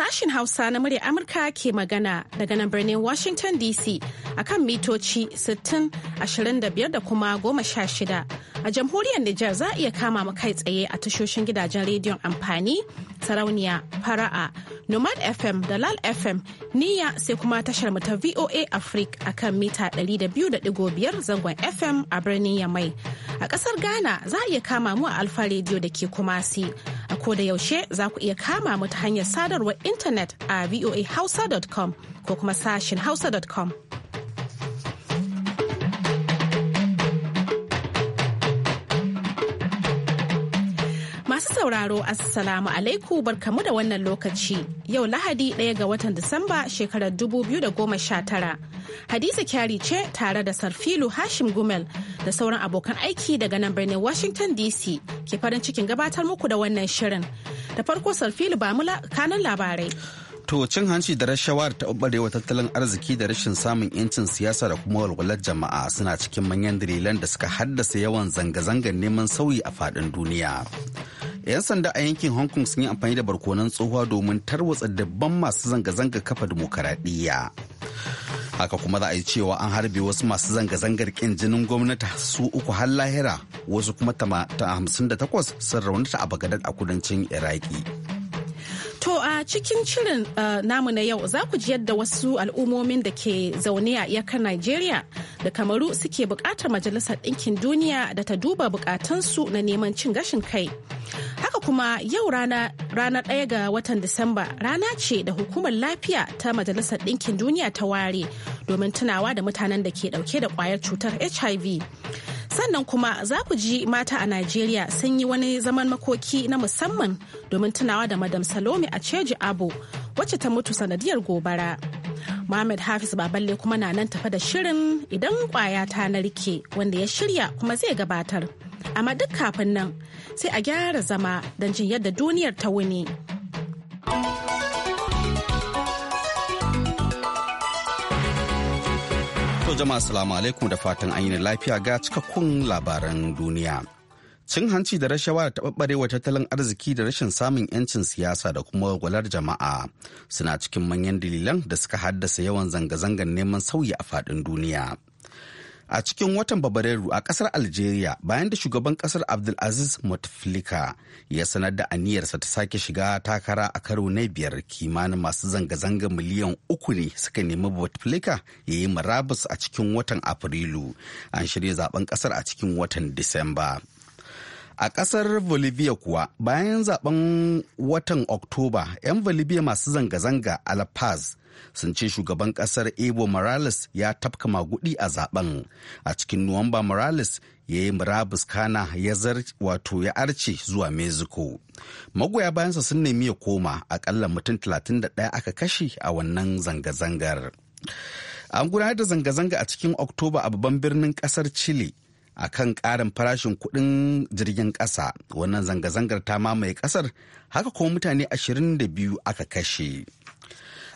sashin Hausa na murya Amurka ke magana daga nan birnin Washington DC a kan mitoci sittin ashirin da kuma 16. A jamhuriyar Nijar za a iya kama mu kai tsaye a tashoshin gidajen rediyon amfani sarauniya fara'a nomad fm da lal fm niya sai kuma tashar mu ta voa africa akan mita 200.5 zangon fm a birnin yamai a kasar ghana za a iya kama mu a alfa radio da ke kumasi a koda yaushe za ku iya kama mu ta hanyar sadarwar intanet a voahausa.com ko kuma sashin hausa.com Masu sauraro Assalamu alaikum barkamu da wannan lokaci yau Lahadi ɗaya ga watan Disamba shekarar 2019. Hadiza kyari ce tare da Sarfilu Hashim Gumel da sauran abokan aiki daga nan birnin Washington DC ke farin cikin gabatar muku da wannan shirin. Da farko Sarfilu ba mu kanan labarai. To cin hanci da rashawa da taɓarewa tattalin arziki da rashin samun 'yancin siyasa da kuma walwalar jama'a suna cikin manyan dalilan da suka haddasa yawan zanga-zangar neman sauyi a faɗin duniya. 'Yan sanda a yankin Hong Kong sun yi amfani da barkonan tsohuwa domin tarwatsa dabban masu zanga-zanga kafa dimokuraɗiyya. Haka kuma za a yi cewa an harbe wasu masu zanga-zangar ƙin jinin gwamnati su uku har lahira wasu kuma ta hamsin da takwas sun raunata a Bagadad a kudancin Iraki. To a cikin shirin uh, namu na yau za ku ji yadda wasu al'ummomin da ke zaune a iyakar Najeriya da Kamaru suke buƙatar Majalisar Ɗinkin Duniya da ta duba buƙatunsu na neman cin gashin kai. Haka kuma yau rana ranar ɗaya ga watan Disamba rana ce da hukumar lafiya ta Majalisar Ɗinkin Duniya ta ware domin tunawa da mutanen da ke ɗauke da ƙwayar cutar HIV. sannan kuma za ku ji mata a najeriya sun yi wani zaman makoki na musamman domin tunawa da madam salome a ceji abu wacce ta mutu sanadiyar gobara Muhammad Hafiz Baballe kuma na nan tafa da shirin idan kwaya ta narke wanda ya shirya kuma zai gabatar. Amma duk kafin nan sai a gyara zama don jin yadda duniyar ta wuni. To jama'a salamu alaikum da fatan an yi lafiya ga cikakkun labaran duniya. Cin hanci da rashawa da taɓaɓɓarewa tattalin arziki da rashin samun 'yancin siyasa da kuma walwalar jama'a suna cikin manyan dalilan da suka haddasa yawan zanga-zangar neman sauyi a faɗin duniya. a cikin watan Fabrairu a kasar Algeria bayan da shugaban kasar Abdulaziz Mutflika ya sanar da aniyarsa ta sake shiga takara a karo na biyar kimanin masu zanga-zanga miliyan uku ne suka nemi Mutflika ya yi murabus a cikin watan Afrilu. An shirya zaben kasar a cikin watan Disamba. A ƙasar Bolivia kuwa bayan zaben watan Oktoba, 'yan Bolivia masu zanga-zanga a Paz sun ce shugaban kasar Evo Morales ya tafka magudi a zaben. A cikin Nuwamba Morales ya yi murabus kana ya zar wato ya arce zuwa Mexico. Magoya bayansa sun nemi ya koma akalla mutum 31 aka kashe a wannan zanga-zangar. An gudanar da zanga-zanga a cikin Oktoba a babban birnin kasar Chile. a kan ƙarin farashin kuɗin jirgin ƙasa wannan zanga-zangar ta mamaye ƙasar haka kuma mutane 22 aka kashe.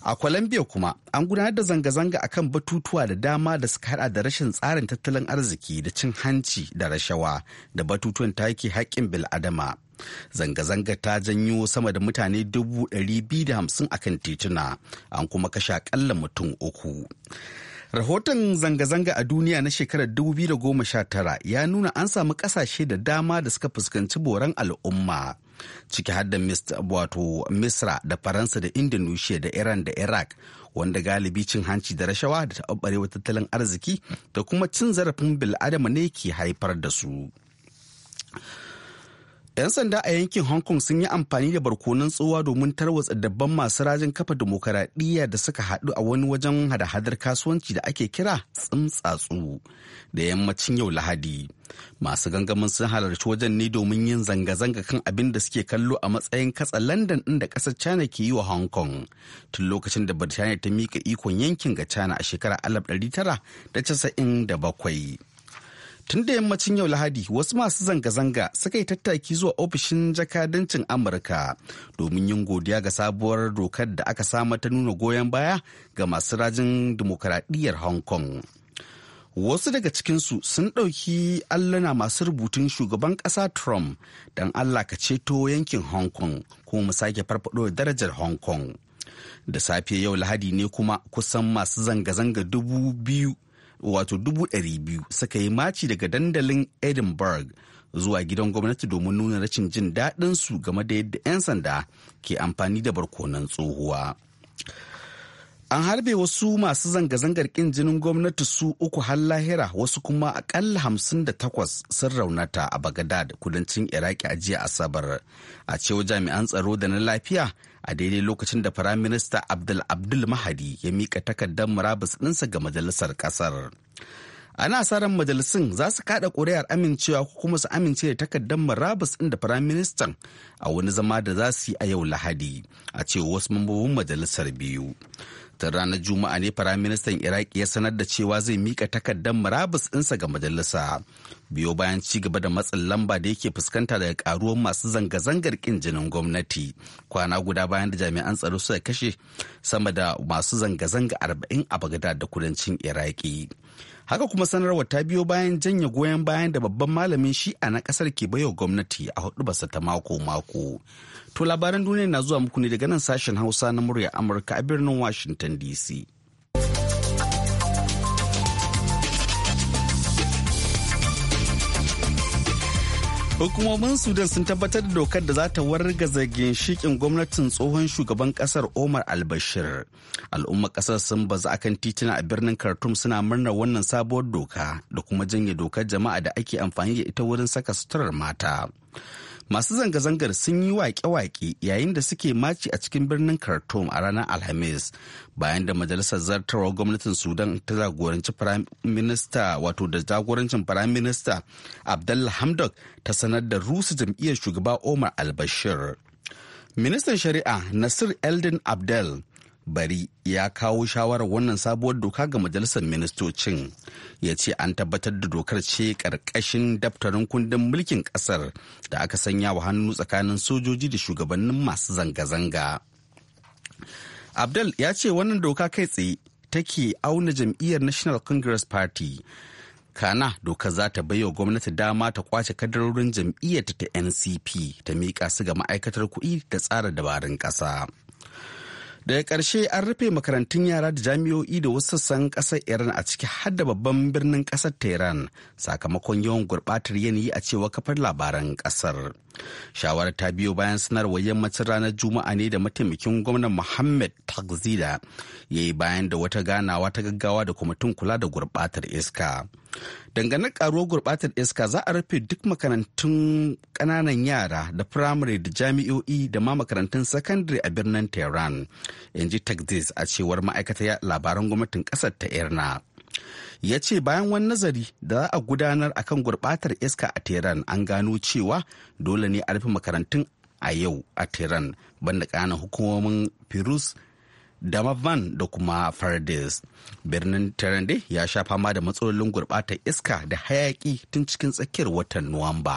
A Colombia kuma an gudanar da zanga-zanga akan batutuwa da dama da suka hada da rashin tsarin tattalin arziki da cin hanci da rashawa da batutuwan take haƙƙin bil'adama. Zanga-zanga ta janyo sama da mutane dubu biyu da hamsin a kan tituna an kuma kashe akalla mutum uku. Rahoton zanga-zanga a duniya na shekarar 2019 ya nuna an samu ƙasashe da dama da suka fuskanci boran al'umma. ciki har da wato misra da faransa da indonesia da iran da iraq wanda galibi cin hanci da rashawa da taɓarewa tattalin arziki da kuma cin zarafin bil'adama ne ke haifar da su 'Yan sanda a yankin Hong Kong sun yi amfani da barkonon tsohuwa domin tarwatsa dabban masu rajin kafa demokaradiyya da suka haɗu a wani wajen hada-hadar kasuwanci da ake kira tsuntsatsu da yammacin yau Lahadi. Masu gangamin sun halarci wajen ne domin yin zanga-zanga kan abin da suke kallo a matsayin katsa Landan ɗin da ƙasar China ke yi wa Hong Kong tun lokacin da Birtaniya ta miƙa ikon yankin ga China a shekarar 1997. Tun da yammacin yau Lahadi wasu masu zanga-zanga suka yi tattaki zuwa ofishin jakadancin Amurka domin yin godiya ga sabuwar dokar da aka samar ta nuna goyon baya ga masu rajin dimokuraɗiyyar Hong Kong. Wasu daga cikinsu sun ɗauki allana masu rubutun shugaban ƙasa Trump don Allah ka ceto yankin Hong Kong kuma mu sake farfaɗo darajar Hong Kong. da safe yau lahadi ne kuma kusan masu zanga-zanga dubu biyu wato dubu ɗari biyu suka yi maci daga dandalin edinburgh zuwa gidan gwamnati domin nuna rashin jin daɗin su game da yadda 'yan sanda ke amfani da barkonan tsohuwa an harbe wasu masu zanga-zangar ƙin jinin gwamnati su uku har lahira wasu kuma akalla hamsin da takwas sun raunata a bagadad kudancin iraki a jiya asabar a cewa jami'an tsaro da na lafiya a daidai lokacin da firaminista abdul abdul mahadi ya mika takardar murabus ɗinsa ga majalisar ƙasar ana sa ran majalisun za su kada kuri'ar amincewa ko kuma su amince da takardar marabus ɗin da firaministan a wani zama da za su yi a yau lahadi a cewa wasu mambobin majalisar biyu tun ranar juma'a ne firaministan iraki ya sanar da cewa zai mika takardar marabus ɗinsa ga majalisa biyo bayan ci gaba da matsin lamba da yake fuskanta daga karuwar masu zanga-zangar kin jinin gwamnati kwana guda bayan da jami'an tsaro suka kashe sama da masu zanga-zanga arba'in a bagdad da kudancin iraki haka kuma sanarwar ta biyo bayan janye goyon bayan da babban malamin shi'a na kasar ke baiwa gwamnati a hudu basa ta mako-mako to labaran duniya na zuwa muku ne daga nan sashen hausa na murya amurka a birnin washington dc Hukumomin Sudan sun tabbatar da dokar da za ta wargaza ginshikin gwamnatin tsohon shugaban kasar Omar albashir bashir Al'ummar kasar sun bazu kan titina a birnin Khartoum suna murnar wannan sabuwar doka da kuma janye dokar jama'a da ake amfani da ita wurin saka suturar mata. masu zanga-zangar sun yi waƙe-waƙe yayin da suke maci a cikin birnin khartoum a ranar alhamis bayan da majalisar zartarwar gwamnatin sudan ta jagoranci firaminista wato da jagorancin firaminista abdullah hamdok ta sanar da rusa jam'iyyar shugaba omar albashir ministan shari'a nasir eldin abdel bari ya kawo shawarar wannan sabuwar doka ga majalisar ministocin ya ce an tabbatar da dokar ce karkashin daftarin kundin mulkin kasar da aka sanya wa hannu tsakanin sojoji da shugabannin masu zanga-zanga abdul ya ce wannan doka kai tsaye take auna jam'iyyar national congress party kana doka za ta baiwa gwamnati dama ta kwace kadarorin Jam'iyyar ta ncp ta miƙa su ga ma'aikatar kuɗi da tsara dabarun ƙasa. daga ƙarshe an rufe makarantun yara da jami'o'i da wasu sassan ƙasar iran a ciki har da babban birnin ƙasar tehran sakamakon yawan gurɓatar yanayi a cewa kafar labaran ƙasar shawarar ta biyo bayan sanarwar yammacin ranar juma'a ne da mataimakin gwamnan muhammad takzida ya yi bayan da wata ganawa ta gaggawa da kwamitin kula da gurɓatar iska dangane karuwar gurbatar iska za a rufe duk makarantun kananan yara da firamare da jami'o'i da ma makarantun sakandare a birnin tehran in ji texas a cewar ma'aikatar labaran gwamnatin kasar ta irna ya ce bayan wani nazari da za a gudanar a kan gurbatar iska a tehran an gano cewa dole ne a rufe makarantun a yau a tehran banda kananan hukumomin firus Damavan da kuma Fardis. Birnin Tarande ya sha fama da matsalolin gurɓatar iska da hayaƙi tun cikin tsakiyar watan Nuwamba.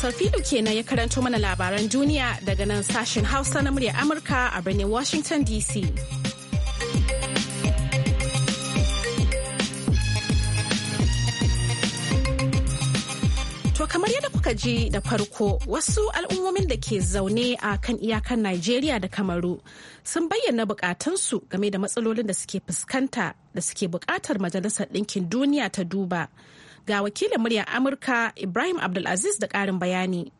Sarfilu kenan ya karanto mana labaran duniya daga nan sashen Hausa na murya Amurka a birnin Washington DC. kamar yadda kuka ji da farko wasu al'ummomin da ke zaune a kan iyakar Najeriya da Kamaru sun bayyana bukatunsu game da matsalolin da suke fuskanta da suke bukatar Majalisar Ɗinkin Duniya ta duba. Ga wakilin muryar Amurka Ibrahim Abdulaziz da ƙarin bayani.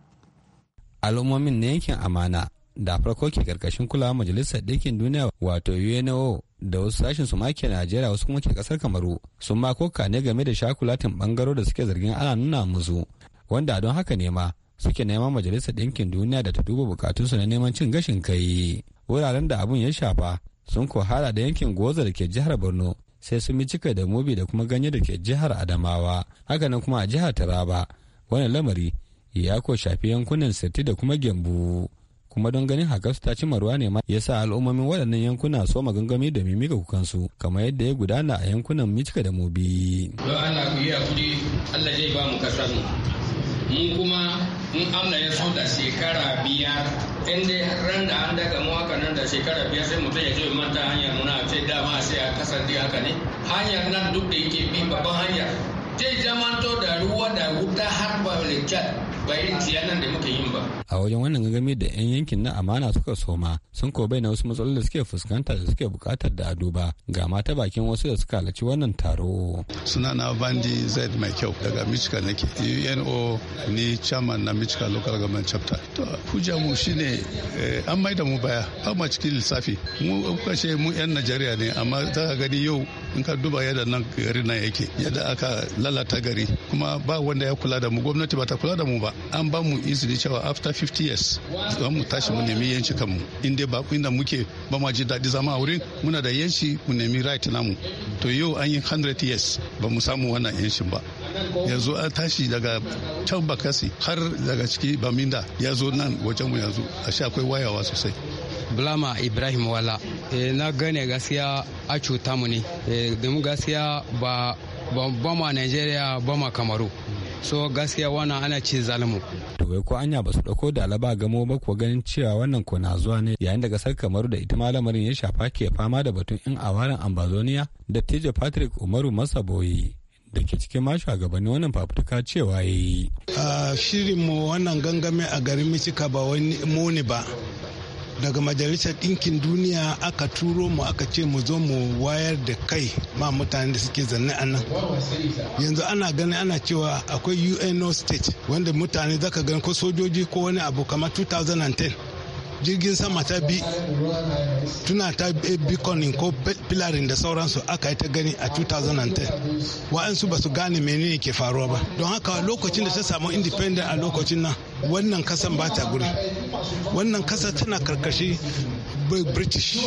Al'ummomin na yankin Amana da farko ke karkashin kulawa Majalisar Ɗinkin Duniya wato UNO da wasu sashen su ke Najeriya wasu kuma ke kasar Kamaru sun ma koka ne game da shakulatin bangaro da suke zargin ana nuna musu wanda don haka ne ma suke neman majalisar ɗinkin duniya da ta duba bukatunsu na neman cin gashin kai wuraren da abun ya shafa sun ko hada da yankin goza da ke jihar borno sai sun bi cika da mobi da kuma ganye da ke jihar adamawa nan kuma a jihar taraba wani lamari ya ko shafi yankunan sirti da kuma gembu kuma don ganin haka su ta ci ruwa ne ma ya sa al'ummomin waɗannan yankuna so magangami da mimika kukansu kamar yadda ya gudana a yankunan micika da mobi. don ana ku yi allah zai ba mu kasar mu mu kuma in amna ya so da shekara biyar inda ran da an daga mu nan da shekara biyar sai mutum ya je manta hanyar muna ce dama sai a kasar haka ne hanyar nan duk da yake bi babban hanyar zai zamanto da ruwa da wuta har ba lecture ba irin tiyanan da muka yin ba. A wajen wannan gangami da 'yan yankin na amana suka soma sun ko bai na wasu matsaloli da suke fuskanta da suke bukatar da ado ba ga mata bakin wasu da suka halarci wannan taro. Suna na Vandi Z mai kyau daga Michigan nake UNO ni chairman na Michigan local government chapter. To hujja mu shine eh, an mai da mu baya har ma cikin lissafi mu kashe mu 'yan Najeriya ne amma za ka gani yau in ka duba yadda nan garin nan yake yadda aka lalata gari kuma ba wanda ya kula da mu gwamnati ba ta kula da mu ba an ba mu izini cewa after 50 years za mu tashi mu nemi yanci kanmu in dai ba inda muke ba ma ji daɗi zama a wurin muna da yanci mu nemi right namu to yau an yi 100 years ba mu samu wannan yancin ba yanzu an tashi daga can bakasi har daga ciki baminda ya zo nan wajen mu yanzu a sha akwai wayawa sosai blama ibrahim wala eh, na gane gaskiya a cuta mu ne eh, domin gaskiya ba ba ma nigeria ba kamaru so gaskiya wannan ana ci zalimu to wai ko anya ba su dauko da alaba gamo ba ko ganin cewa wannan ko na zuwa ne yayin da gasar kamaru da ita malamarin ya shafa ke fama da batun in awaran ambazoniya da tije patrick umaru masaboyi da ke cikin ma shugabanni wannan fafutuka cewa ya yi. shirinmu wannan gangame a garin Michika ba wani muni ba daga majalisar ɗinkin duniya aka turo mu aka ce mu zo mu wayar da kai ma mutane da suke zanne a nan yanzu ana ganin ana cewa akwai uno state wanda mutane zaka gani ko sojoji ko wani abu kamar 2010 jirgin sama ta bi tuna ta beaconing ko pilarin da sauransu aka yi ta gani a 2010 wa'ansu ba su gane menene ke faruwa ba don haka lokacin da ta samu independent a lokacin nan wannan kasan ba ta guri wannan kasa tana karkashi british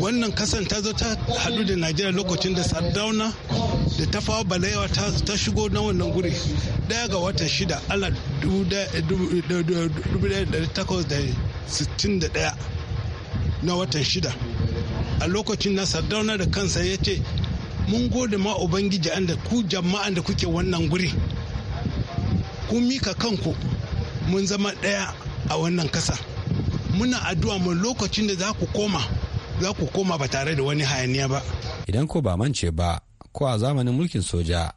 wannan kasan ta zo ta hadu da najeriya lokacin da sardauna da ta fawa balewa ta shigo na wannan guri daya ga watan shida ala 1861 na watan shida a lokacin na sardauna da kansa ya ce mun gode ma ubangiji an da ku jama'an da kuke wannan guri kun mika kanku mun zama ɗaya a wannan kasa muna addu'a mu lokacin da za ku koma za ku koma ba tare da wani hayaniya ba idan ko ba mance ba ko a zamanin mulkin soja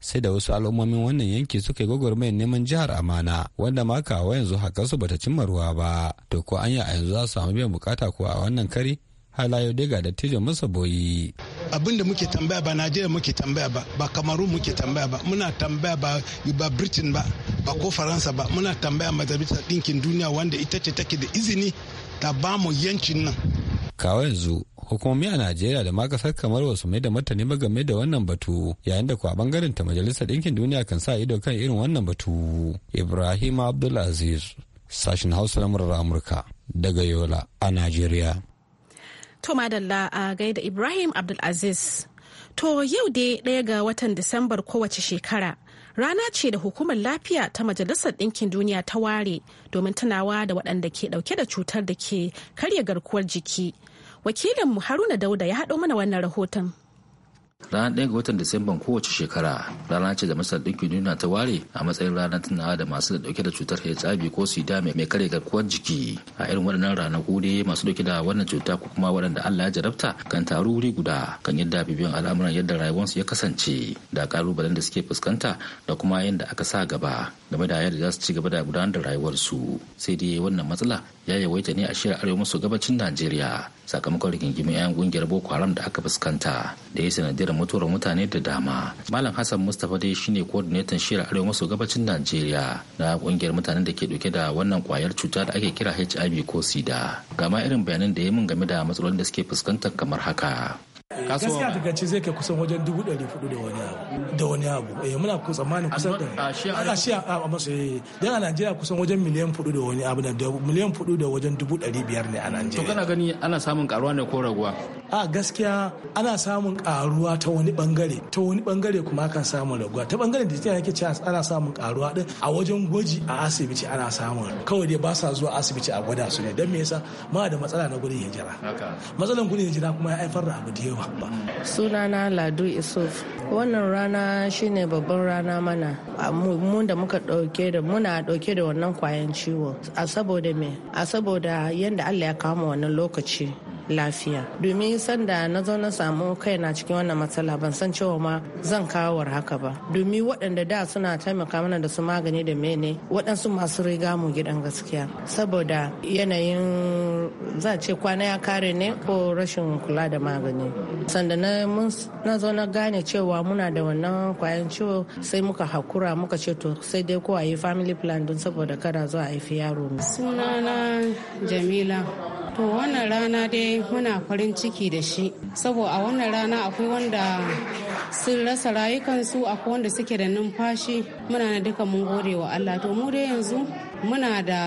sai da wasu al'ummomin wannan yanki suka yi gwagwarmayar neman jihar amana wanda ma kawo yanzu haƙarsu bata cimma ruwa ba to ko anya a yanzu za su samu biyan bukata ko a wannan kari halayo dai ga dattijo masa boyi abin da muke tambaya ba najeriya muke tambaya ba ba kamaru muke tambaya ba muna tambaya ba ba britain ba ba ko faransa ba muna tambaya majalisa dinkin duniya wanda ita ce take da izini ta ba mu yancin nan kawai yanzu hukumomi a najeriya da ma kasar kamar wasu mai da martani ba game da wannan batu yayin da a bangaren ta majalisar dinkin duniya kan sa ido kan irin wannan batu ibrahim abdulaziz sashin hausa na murar amurka daga yola a najeriya To madalla a gaida Ibrahim Abdulaziz. To yau dai ɗaya ga watan Disambar kowace shekara. Rana ce da hukumar lafiya ta Majalisar Ɗinkin Duniya ta ware domin tunawa da waɗanda ke ɗauke da cutar da ke karya garkuwar jiki. Wakilinmu Haruna Dauda ya haɗo mana wannan rahoton ranar ɗaya ga watan disamban kowace shekara rana ce da masar ɗinkin duniya ta ware a matsayin ranar tunawa da masu da ɗauke da cutar hiv ko sida mai kare garkuwar jiki a irin waɗannan ranaku ne masu ɗauke da wannan cuta ko kuma waɗanda allah ya jarabta kan taru wuri guda kan yadda bibiyan al'amuran yadda rayuwarsu ya kasance da ƙalubalen da suke fuskanta da kuma yadda aka sa gaba game da yadda za su ci gaba da gudanar da rayuwarsu sai dai wannan matsala ya yawaita ne a shirin arewa maso gabacin najeriya sakamakon rigingimin 'yan kungiyar boko haram da aka fuskanta da ya sanadiyar mutuwar mutane da dama malam hassan mustapha dai shine coordinator shirin arewa maso gabacin najeriya na kungiyar mutanen da ke dauke da wannan kwayar cuta da ake kira hiv ko sida ga ma irin bayanan da ya mun game da matsalolin da suke fuskantar kamar haka gaskiya daga gace zai kai kusan wajen dubu ɗari hudu da wani abu da wani abu eh muna ku tsammanin kusan a ah, shi a masu yi eh, dan a Najeriya kusan wajen miliyan hudu da wani abu da miliyan hudu da wajen dubu ɗari biyar ne a Najeriya to kana gani ana samun karuwa ne ko raguwa a gaskiya ana samun karuwa ta wani bangare ta wani bangare kuma kan samun raguwa ta bangaren da ta yake cewa ana samun karuwa din a wajen gwaji a asibiti ana samun kawai dai ba sa zuwa asibiti a gwada su ne dan me yasa ma da matsala na gudun hijira matsalan gudun hijira kuma ya haifar da abu da yawa ba. sunana ladu isuf wannan rana shine babban rana mana mu da muka dauke da muna dauke da wannan kwayan ciwo a saboda me a saboda yadda allah ya kama wannan lokaci lafiya domin sanda na zo na samu na cikin wannan matsala ban san cewa ma zan kawo haka ba domin waɗanda da suna taimaka mana da su magani da mene waɗansu masu riga mu gidan gaskiya saboda yanayin za ce kwana ya kare ne ko rashin kula da magani sanda na zo na gane cewa muna da wannan kwayan ciwo sai muka hakura muka ce to sai dai ko a yi family plan don saboda kada zuwa haifi yaro sunana jamila to wannan rana dai muna farin ciki da shi saboda a wannan rana akwai wanda sun rasa rayukansu akwai wanda suke da numfashi muna na duka mun gode wa allah to mu dai yanzu muna da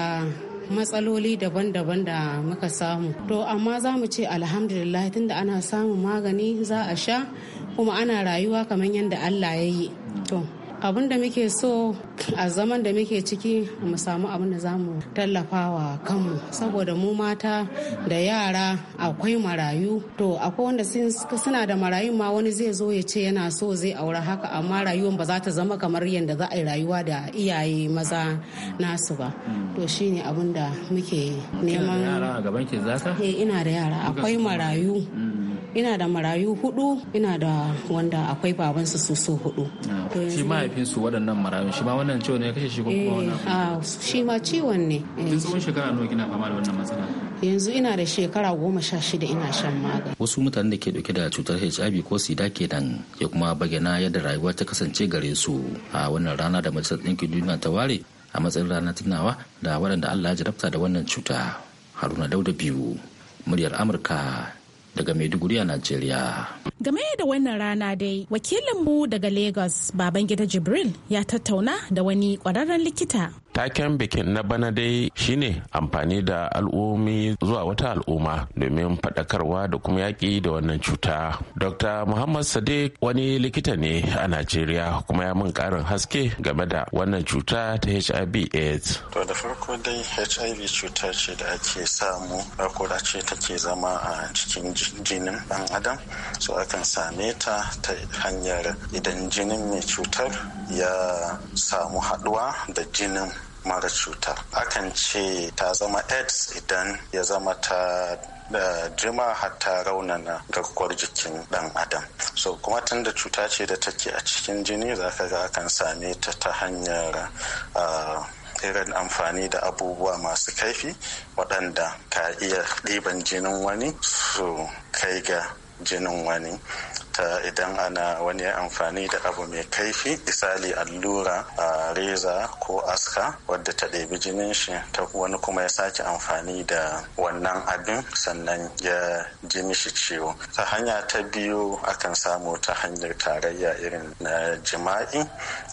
matsaloli daban-daban da muka samu to amma za mu ce alhamdulillah tunda ana samun magani za a sha kuma ana rayuwa kamar yadda allah ya yi to abin da muke so a zaman da muke ciki mu samu abin da zamu mu tallafa wa kanmu saboda mu mata da yara akwai marayu to akwai wanda suna da marayu ma wani zai zo ya ce yana so zai aura haka amma rayuwar ba za ta zama kamar yadda za a yi rayuwa da iyaye maza nasu ba to shine abin da muke neman eh, ina da yara akwai marayu mm. ina da marayu hudu ina da wanda akwai baban su so hudu ah, shi su waɗannan marayun shi ma wannan ciwon ne ya kashe shi ko kuma wannan eh, ah, shi ma ciwon ne eh. kin tsawon shekara nawa kina fama da wannan matsala yanzu ina da shekara goma sha shida ina shan magani. Wasu mutanen da ke dauke da cutar HIV ko sida kenan ya kuma bayyana yadda rayuwa ta kasance gare su a wannan rana da majalisar ɗinkin duniya ta ware a matsayin rana tunawa da waɗanda Allah ya jarabta da wannan cuta. Haruna Dauda biyu, muryar Amurka daga Maiduguri a Najeriya. Game da wannan rana dai, wakilinmu daga Lagos, Babangida Jibril, ya tattauna da wani kwararren likita taken bikin na bana dai shine amfani da al'ummi zuwa wata al'umma domin faɗakarwa da kuma yaƙi da wannan cuta dr muhammad sadiq wani likita ne a najeriya kuma ya mun ƙarin haske game da wannan cuta ta hiv aids to da farko dai hiv cuta ce da ake samu koda ce take zama a cikin jinin ɗan adam so akan same ta ta hanyar idan jinin mai cutar ya samu haɗuwa da jinin mara cuta akan ce ta zama aids idan ya zama ta da eh, jima hatta raunana garkuwar jikin dan adam so kuma tun da cuta ce da take a cikin jini za ka ga akan same ta ta hanyar eh, irin amfani da abubuwa masu kaifi waɗanda ka iya ɗiban jinin wani su kai ga jinin wani ta idan ana wani amfani da abu mai kaifi misali allura a reza ko aska wadda ta ɗebi jinin shi ta wani kuma ya sake amfani da wannan abin sannan ya jini shi ciwo ta hanya ta biyu akan samu ta hanyar tarayya irin na jima'i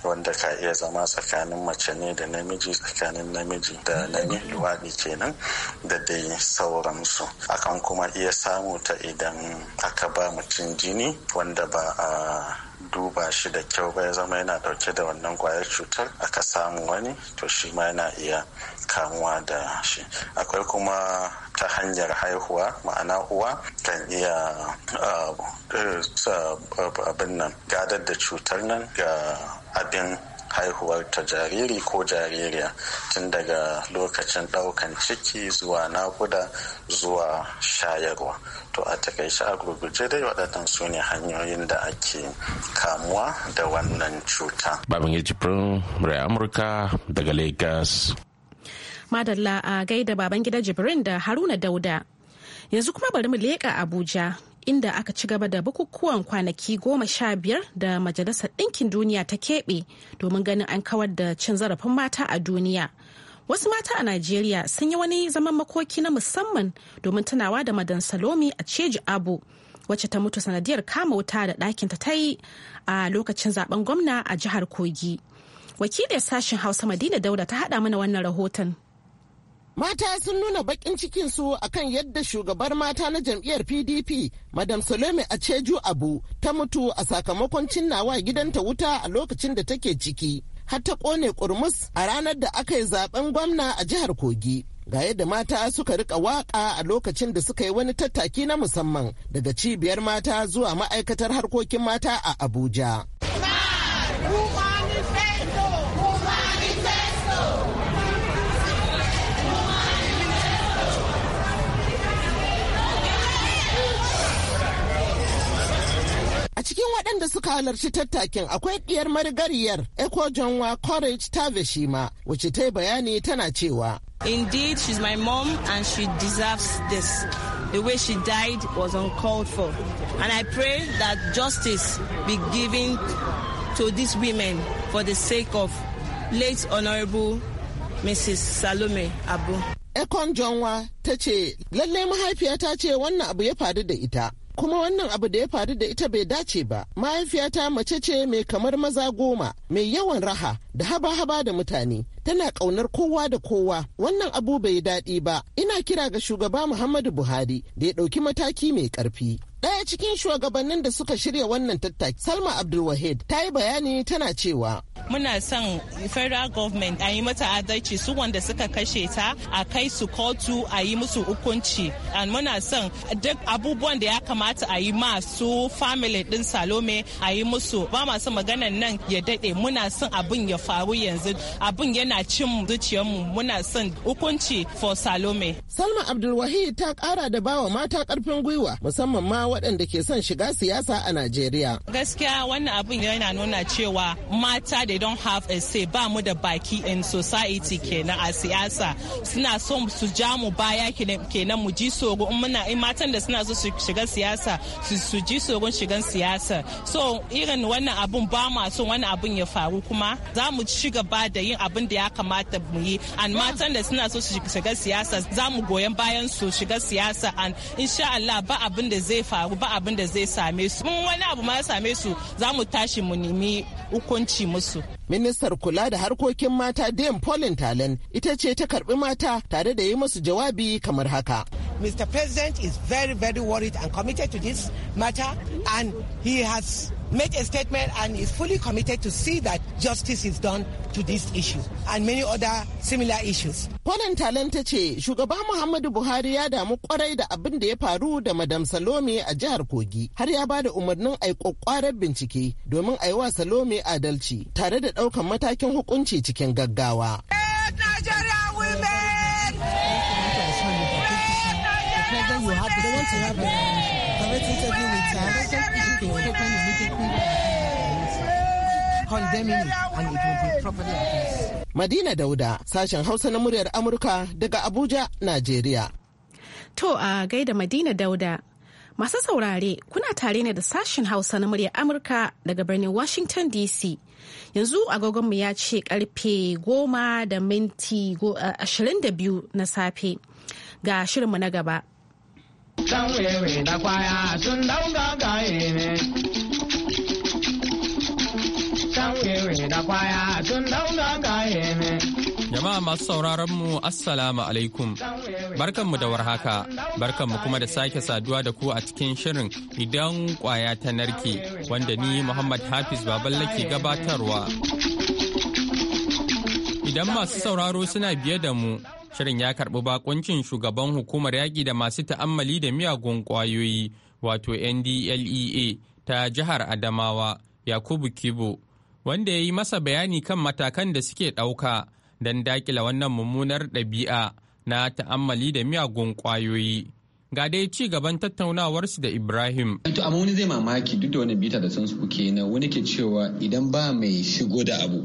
wanda ka iya zama tsakanin mace ne da namiji tsakanin namiji da namiji luwaɗi kenan da dai sauransu akan kuma iya samu ta idan aka ba mutum jini wanda ba a duba shi da kyau ba ya zama yana dauke da wannan kwayar cutar aka samu wani to shi ma yana iya kamuwa da shi akwai kuma ta hanyar haihuwa ma'ana uwa kan iya eh, abin nan gadar da cutar nan ga abin haihuwar ta jariri ko jaririya tun daga lokacin ɗaukan ciki zuwa nakuda zuwa shayarwa to a takaice a gurguje dai waɗannan su ne hanyoyin da ake kamuwa da wannan cuta babin jibrin murai amurka daga lagos madalla a gaida baban gida jibrin da haruna dauda yanzu kuma bari mu leƙa abuja inda aka ci gaba da bukukuwan kwanaki goma sha biyar da majalisar ɗinkin duniya ta keɓe domin ganin an kawar da cin zarafin mata a duniya wasu mata a najeriya sun yi wani zaman makoki na musamman domin tunawa da madan salomi a ceji abu wacce ta mutu sanadiyar kama wuta da ɗakin ta ta yi a lokacin zaben gwamna a jihar kogi wakilin sashen hausa madina Daula, ta haɗa mana wannan rahoton Mata sun nuna bakin cikinsu a kan yadda shugabar mata na jam'iyyar PDP, Madam Salome Aceju Abu, ta mutu a sakamakon cinnawa gidanta wuta a lokacin da take ciki, har ta kone kurmus a ranar da aka yi zaben gwamna a jihar Kogi. Ga yadda mata suka rika waka a lokacin da suka yi wani tattaki na musamman daga cibiyar mata zuwa ma'aikatar harkokin mata a Abuja. cikin waɗanda suka halarci tattakin akwai ɗiyar marigariyar Eko Jonwa Courage Taveshima wacce ta yi bayani tana cewa. Indeed, she's my mom and she deserves this. The way she died was uncalled for. And I pray that justice be given to these women for the sake of late Honorable Mrs. Salome Abu. Ekon Jonwa ta ce, lallai mahaifiya ta ce wannan abu ya faru da ita. kuma wannan abu da ya faru da ita bai dace ba mahaifiyata mace ce mai kamar maza goma mai yawan raha da haba-haba da mutane tana ƙaunar kowa da kowa wannan abu bai daɗi ba ina kira ga shugaba muhammadu buhari da ya ɗauki mataki mai ƙarfi daya cikin shugabannin da suka shirya wannan tattaki Salma Abdulwahid ta yi bayani tana cewa. Muna son federal government a yi mata adalci su wanda suka kashe ta a kai su kotu a yi musu hukunci. And muna son duk abubuwan da ya kamata a yi masu family din Salome a yi musu ba masu maganan nan ya daɗe muna son abin ya faru yanzu abin yana cin zuciyarmu muna son hukunci for Salome. Salma Abdulwahid ta kara da bawa mata karfin gwiwa musamman ma waɗanda ke son shiga siyasa a Najeriya. Gaskiya wannan abin yana nuna cewa mata they don't have a say ba mu da baki in society kenan a siyasa suna so su ja mu baya kenan mu ji sogo in muna in matan da suna so su shiga siyasa su ji sogon shigan siyasa so irin wannan abun ba ma so wannan abun ya faru kuma za mu ci gaba da yin abin da ya kamata mu yi and matan da suna so su shiga siyasa za mu goyon bayan su shiga siyasa and insha Allah ba abin da zai faru faru ba abin da zai same su mun wani abu ma ya same su za mu tashi mu nemi hukunci musu ministar kula da harkokin mata dame pauline talen ita ce ta karbi mata tare da yi musu jawabi kamar haka mr president is very very worried and committed to this matter and he has made a statement and is fully committed to see that justice is done to this issue and many other similar issues. poland talan ta ce shugaba Muhammadu Buhari ya damu kwarai da abin da ya faru da Madam Salome a jihar Kogi har ya bada umarnin a kwakwarar bincike domin a yi wa Salome adalci tare da ɗaukan matakin hukunci cikin gaggawa. you them in and it will be properly addressed. Madina Dauda, sashen Hausa na muryar Amurka daga Abuja, Najeriya. To a gaida Madina Dauda. Masu saurare kuna tare ne da sashen Hausa na muryar Amurka daga birnin Washington DC. Yanzu agogonmu ya ce karfe goma da minti ashirin da biyu na safe ga shirinmu na gaba. Jama'a masu sauraron mu Assalamu alaikum. Barkanmu da warhaka. Barkanmu kuma da sake saduwa da ku a cikin shirin idan kwaya ta narke wanda ni Muhammad Hafiz Baballe ke gabatarwa. Idan masu sauraro suna biye da mu Shirin ya karɓi bakuncin shugaban hukumar yaƙi da masu ta'ammali da miyagun ƙwayoyi wato NDLEA ta jihar Adamawa Yakubu Kibo wanda ya yi masa bayani kan matakan da suke ɗauka don dakila wannan mummunar ɗabi'a na ta'ammali da miyagun ƙwayoyi. Ga dai ci gaban tattaunawarsu da Ibrahim. To amma wani zai mamaki duk da wani bita da sun suke na wani ke cewa idan ba mai shigo da abu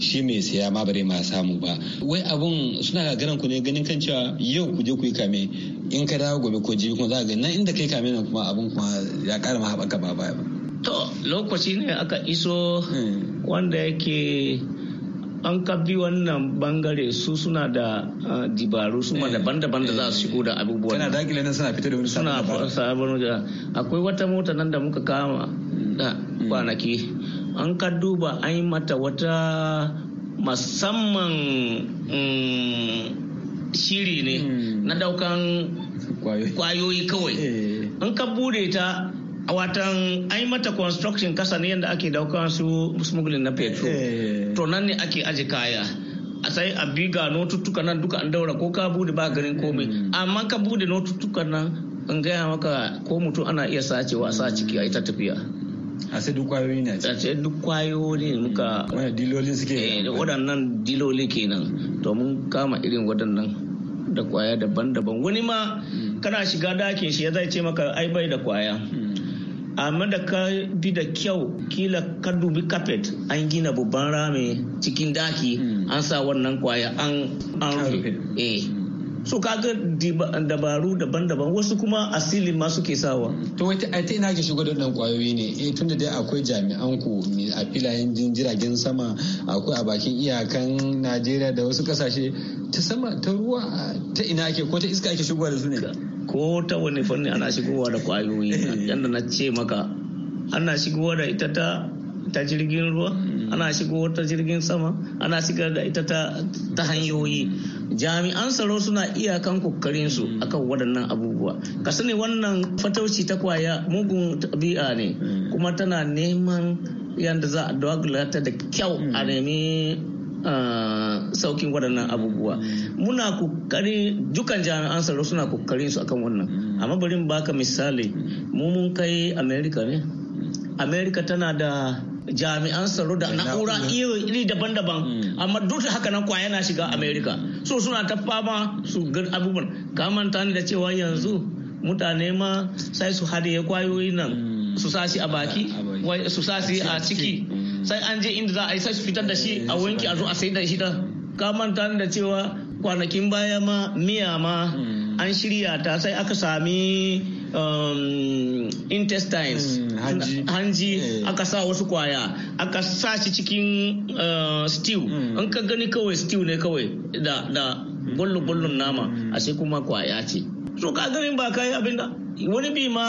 shi mai saya ma bare ma samu ba wai abun suna gagaran ku ne ganin kan cewa yau ku je ku yi kame in ka dawo gobe ko jibi kuma za ga nan inda kai kame nan kuma abun kuma ya kara ma haɓaka ba ba To lokaci ne aka iso hmm. wanda yake an kabi wannan bangare su suna da ah, dibaru suma hmm. daban-daban da za su shigo da abubuwan. Tana dakile nan suna fita da wani sabon sabon Akwai wata mota nan da muka kama da hmm. kwanaki. An ka duba an yi mata wata musamman mm, shiri ne na daukan kwayoyi kawai. Eh. An ka bude ta watan ai mata construction kasa ne yadda ake daukan su smuggling na petrol eh. to nan ne ake aje kaya a sai a biga notuttuka nan duka an daura ko ka bude ba garin komai hmm. amma ka bude notuttuka nan in gaya maka ko mutum ana iya sacewa sa ciki a ita tafiya a sai duk kwayoyi ne a ce duk kwayoyi ne muka wani dilolin suke eh, waɗannan diloli kenan to mun kama irin waɗannan da kwaya daban-daban wani ma hmm. kana shiga dakin shi ya zai ce maka ai bai da kwaya hmm. amma da ka bi da kyau kila ka dubi carpet an gina babban rami cikin daki hmm. an sa wannan kwaya an rufe eh. so kaga dabaru daban-daban wasu kuma asili ma ke sawa to wai ta ina ke shigo da kwayoyi ne eh tunda dai akwai jami'an ku a filayen jiragen sama akwai a bakin iyakan Najeriya da wasu kasashe ta sama ta ruwa ta ina ake ko ta iska ake shigowa da su ne ko ta wani fanni ana shigowa da kwayoyi yadda na ce maka ana shigowa da ita ta ta jirgin ruwa mm. ana shigowa ta jirgin sama ana shigar da ita ta hanyoyi jami'an tsaro suna iyakan kokarin su mm. akan waɗannan abubuwa ka sani wannan fatauci ta kwaya mugun tabi'a ne mm. kuma tana neman yadda za a ta da kyau a nemi saukin waɗannan abubuwa muna kokari dukkan jami'an tsaro suna kokarin su akan wannan amma bari mu baka misali mu mun kai america ne america tana da jami'an tsaro da na'ura iri daban-daban mm. amma duk haka nan kwaya na shiga america so suna ta fama su ga abubuwan manta ni da cewa yanzu mutane ma sai su hade kwayoyi nan mm. su sashi a baki su sashi a ciki sai an je inda za a yi sai su fitar da shi a wanki a zo a sayar da shi da ka manta da cewa kwanakin baya ma miya ma an shirya ta sai aka sami um, intestines hmm, hanji, eh. aka sa wasu kwaya aka sa shi cikin uh, stew hmm. in ka gani kawai stew ne kawai da, gullu-gullun nama hmm. a sai kuma kwaya ce so ka gani ba ka yi abin wani bi ma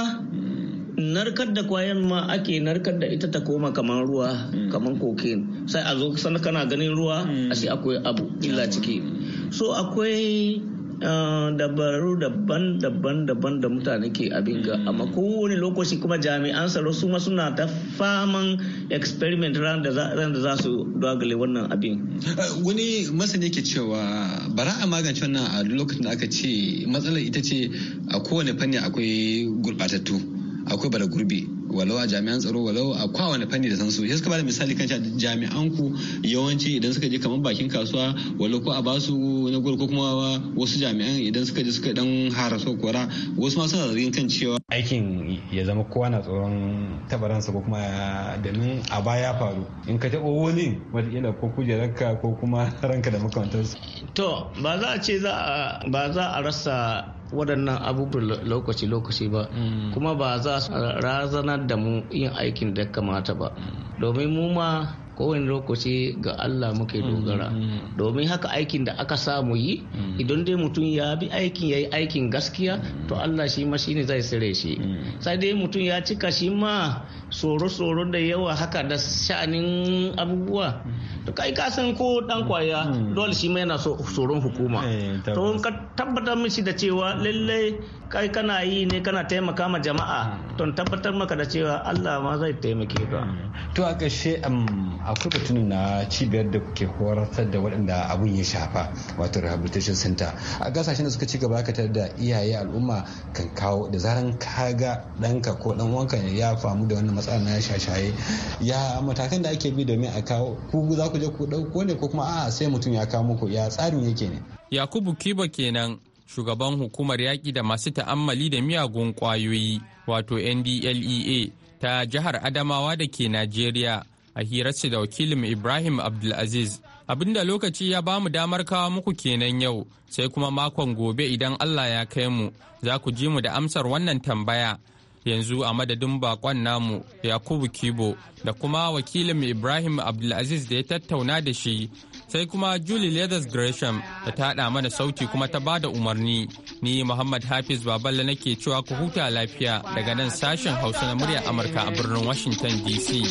narkar da kwayan ma ake narkar da ita ta koma kamar ruwa mm. kamar kokain sai a zo sana kana ganin ruwa a mm. shi akwai abu illa ciki so akwai ah, dabaru daban daban daban da mutane ke abin ga mm. amma kowane lokaci kuma jami'an tsaro su ma suna ta faman experiment ran da za su dogale wannan abin eh, wani masani ke cewa bara a magance wannan a lokacin da aka ce matsalar ita ce a kowane fanni akwai gurbatattu akwai bala gurbi walau a jami'an tsaro walau a kowane fanni da sansu sai suka bada misali kan jami'an ku yawanci idan suka je kamar bakin kasuwa walau ko a basu na gwal ko kuma wasu jami'an idan suka je suka dan haraso kora wasu ma suna zargin kan cewa aikin ya zama kowa na tsoron tabaransa ko kuma domin a baya faru in ka taɓa wani wataƙila ko kujerarka ko kuma ranka da makamantarsu to ba za a ce ba za a rasa waɗannan abubuwan lokaci-lokaci ba mm. kuma ba za su razanar da mu yin aikin da kamata ba mm. domin mu ma kowane lokaci ga Allah muke mm-hmm. dogara domin haka aikin da aka samu yi mm-hmm. idan dai mutum ya bi aikin ya yi aikin gaskiya mm-hmm. to Allah shi ma shine zai sire shi sai dai mutum ya cika shi ma tsoro-tsoro da yawa haka da sha'anin abubuwa to kai ka san ko dan kwaya dole shi ma yana tsoron hukuma eh, to tabbatar mishi da cewa lallai kai kana yi ne kana taimaka ma jama'a hmm. don tabbatar maka da cewa Allah ma zai taimake ka hmm. to a ƙarshe akwai batun na cibiyar da kuke horar da waɗanda abun ya shafa wato rehabilitation center a gasashen da suka ci gaba katar da iyaye al'umma kan kawo da zaran kaga ɗanka ko ɗan wanka ya famu da wannan matsala na shashaye ya matakan da ake bi domin a kawo ku za ku je ku ɗauko ne ko kuma a'a sai mutum ya kawo muku ya tsarin yake ne yakubu kiba kenan shugaban hukumar yaƙi da masu ta'ammali da miyagun ƙwayoyi wato ndlea ta jihar adamawa da ke najeriya a hirarsa da wakilin ibrahim abdulaziz abinda lokaci ya bamu damar kawo muku kenan yau sai kuma makon gobe idan allah ya kai mu za ku ji mu da amsar wannan tambaya yanzu a madadin bakon namu yakubu kibo da kuma wakilin ibrahim abdulaziz da ya tattauna da shi sai kuma julie leathers gresham da ta haɗa mana sauti kuma ta ba da umarni ni muhammad hafiz baballa nake cewa ku huta lafiya daga nan sashen hausa na muryar amurka a birnin washington dc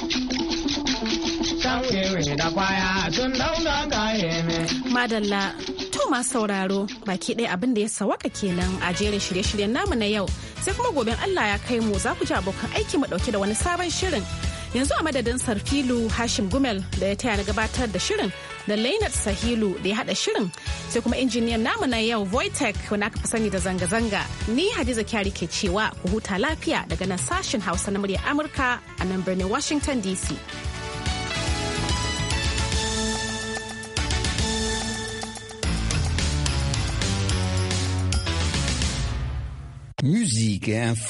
Madalla To masu sauraro baki ɗaya abin da ya sawaka kenan a jerin shirye-shiryen namu na yau sai kuma gobe Allah ya kai mu za ku ji abokan aiki mu ɗauke da wani sabon shirin. Yanzu a madadin Sarfilu Hashim Gumel da ya taya na gabatar da shirin da Lainat Sahilu da ya haɗa shirin sai kuma injiniyan namu na yau Voitech wani aka fi sani da zanga-zanga. Ni Hadiza Kyari ke cewa ku huta lafiya daga nan sashin Hausa na muryar Amurka a nan birnin Washington DC. musique hein info.